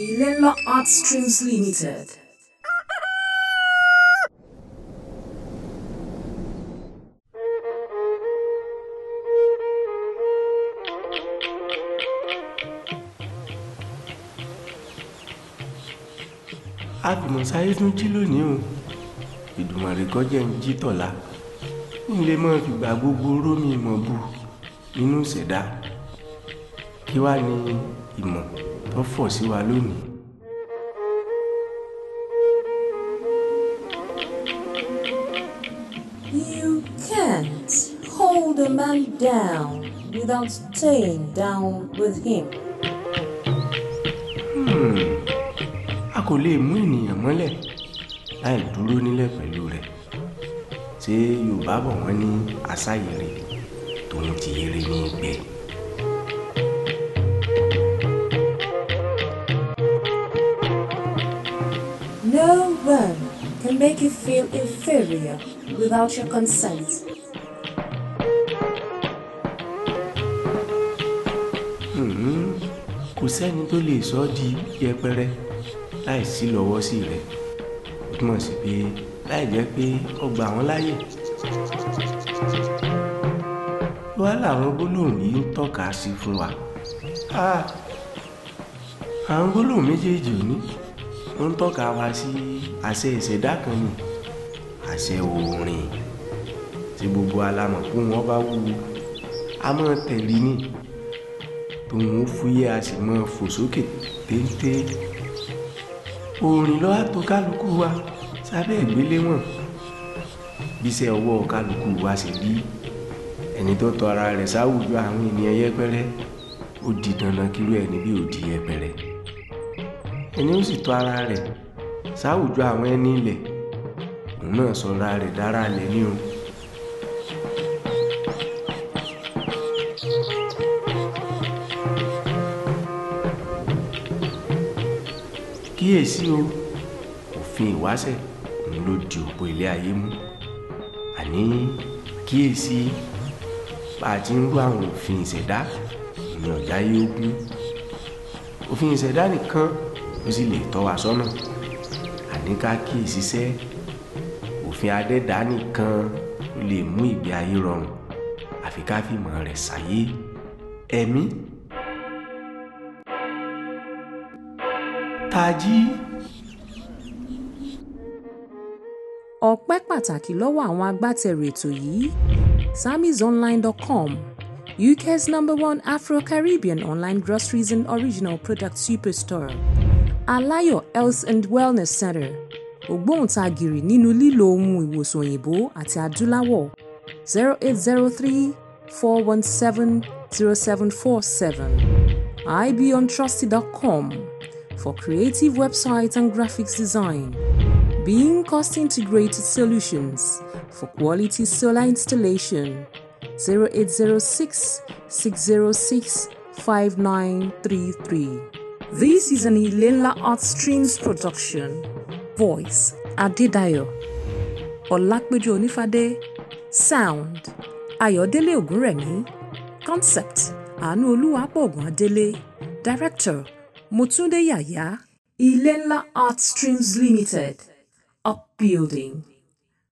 Yelena Art Streams Limited. àgbìmọ̀sáyé tún jí lónìí o ìdùmọ̀rè kọjẹ́ ń jí tọ̀la nílé mọ́ fìgbà gbogbo rómi ìmọ̀ bu nínú ìṣẹ̀dá kí wá ní ìmọ̀ tó fọ̀ sí wa lónìí. You can't hold a man down without staying down with him. Hmm. A kò lè mú ènìyàn mọ́lẹ̀ láì dúró nílẹ̀ pẹ̀lú rẹ̀ ṣé Yorùbá bọ̀ wọ́n ní àṣà yèrè tòun ti yèrè ní ìgbẹ́. make you feel inferior without your consent. Hmm, kò sẹ́ni tó lè sọ ọ́ di yẹpẹrẹ láìsí lọ́wọ́ sí rẹ̀ ó túmọ̀ sí pé láì jẹ́ pé ó gbà wọ́n láyè. wá làwọn gbólóhùn yìí ń tọ́ka sí fún wa ah, àwọn gbólóhùn méjèèjì ò ní ń tọ́ka wa sí àṣẹ ìṣẹ̀dá kan nù àṣẹ òórìn tí gbogbo alamọ̀ fún wọn bá wú a máa tẹ̀lé ní tòun ó fúyẹ́ a sì máa fò sókè téńté òórìn lọ́wọ́ tó kálukú wa sábẹ́ ìgbéléwọ̀n bíṣẹ́ ọwọ́ kálukú wa sì rí ẹni tó tọ ara rẹ̀ sáwùjọ àwọn ènìyàn yẹpẹrẹ ó di dandan kírú ẹni bí ó di yẹpẹrẹ ẹni ó sì tọ́ ara rẹ̀ sáwùjọ àwọn ẹni ilẹ̀ òun náà sọra rẹ̀ dára lẹ̀ ní o. kíyèsí o òfin ìwáṣẹ̀ òun ló di òpó ilé ayé mú àní kíyèsí bá a ti ń rú àwọn òfin ìṣẹ̀dá ìyànjá yóò gún òfin ìṣẹ̀dá nìkan ó sì lè tọ́ wa sọ́nà àní ká kíyèsí sẹ́ òfin adẹ́dá nìkan ló lè mú ìgbé ayé rọrùn àfi ká fìmọ̀ rẹ̀ ṣàyé ẹ̀mí. tají. ọpẹ́ pàtàkì lọ́wọ́ àwọn agbátẹrù ètò yìí samizonline.com UK's number one Afro Caribbean online groceries and original products superstore. Alayo Health and Wellness Center ògbóǹtagìrì nínú lílo ohun ìwòsàn òyìnbó àti adúláwọ̀ zero eight zero three four one seven zero seven four seven ibontrusty.com for creative websites and graphics design. Being cost integrated solutions for quality solar installation 0806 606 5933. This is an Ilela Art Streams production. Voice Adedayo. Olapeju Onifade. Sound Ayodele Ogunremi. Concept Anu Oluwapogun Adele. Director Mutunde Yaya. Ilela Art Streams Limited. Upbuilding.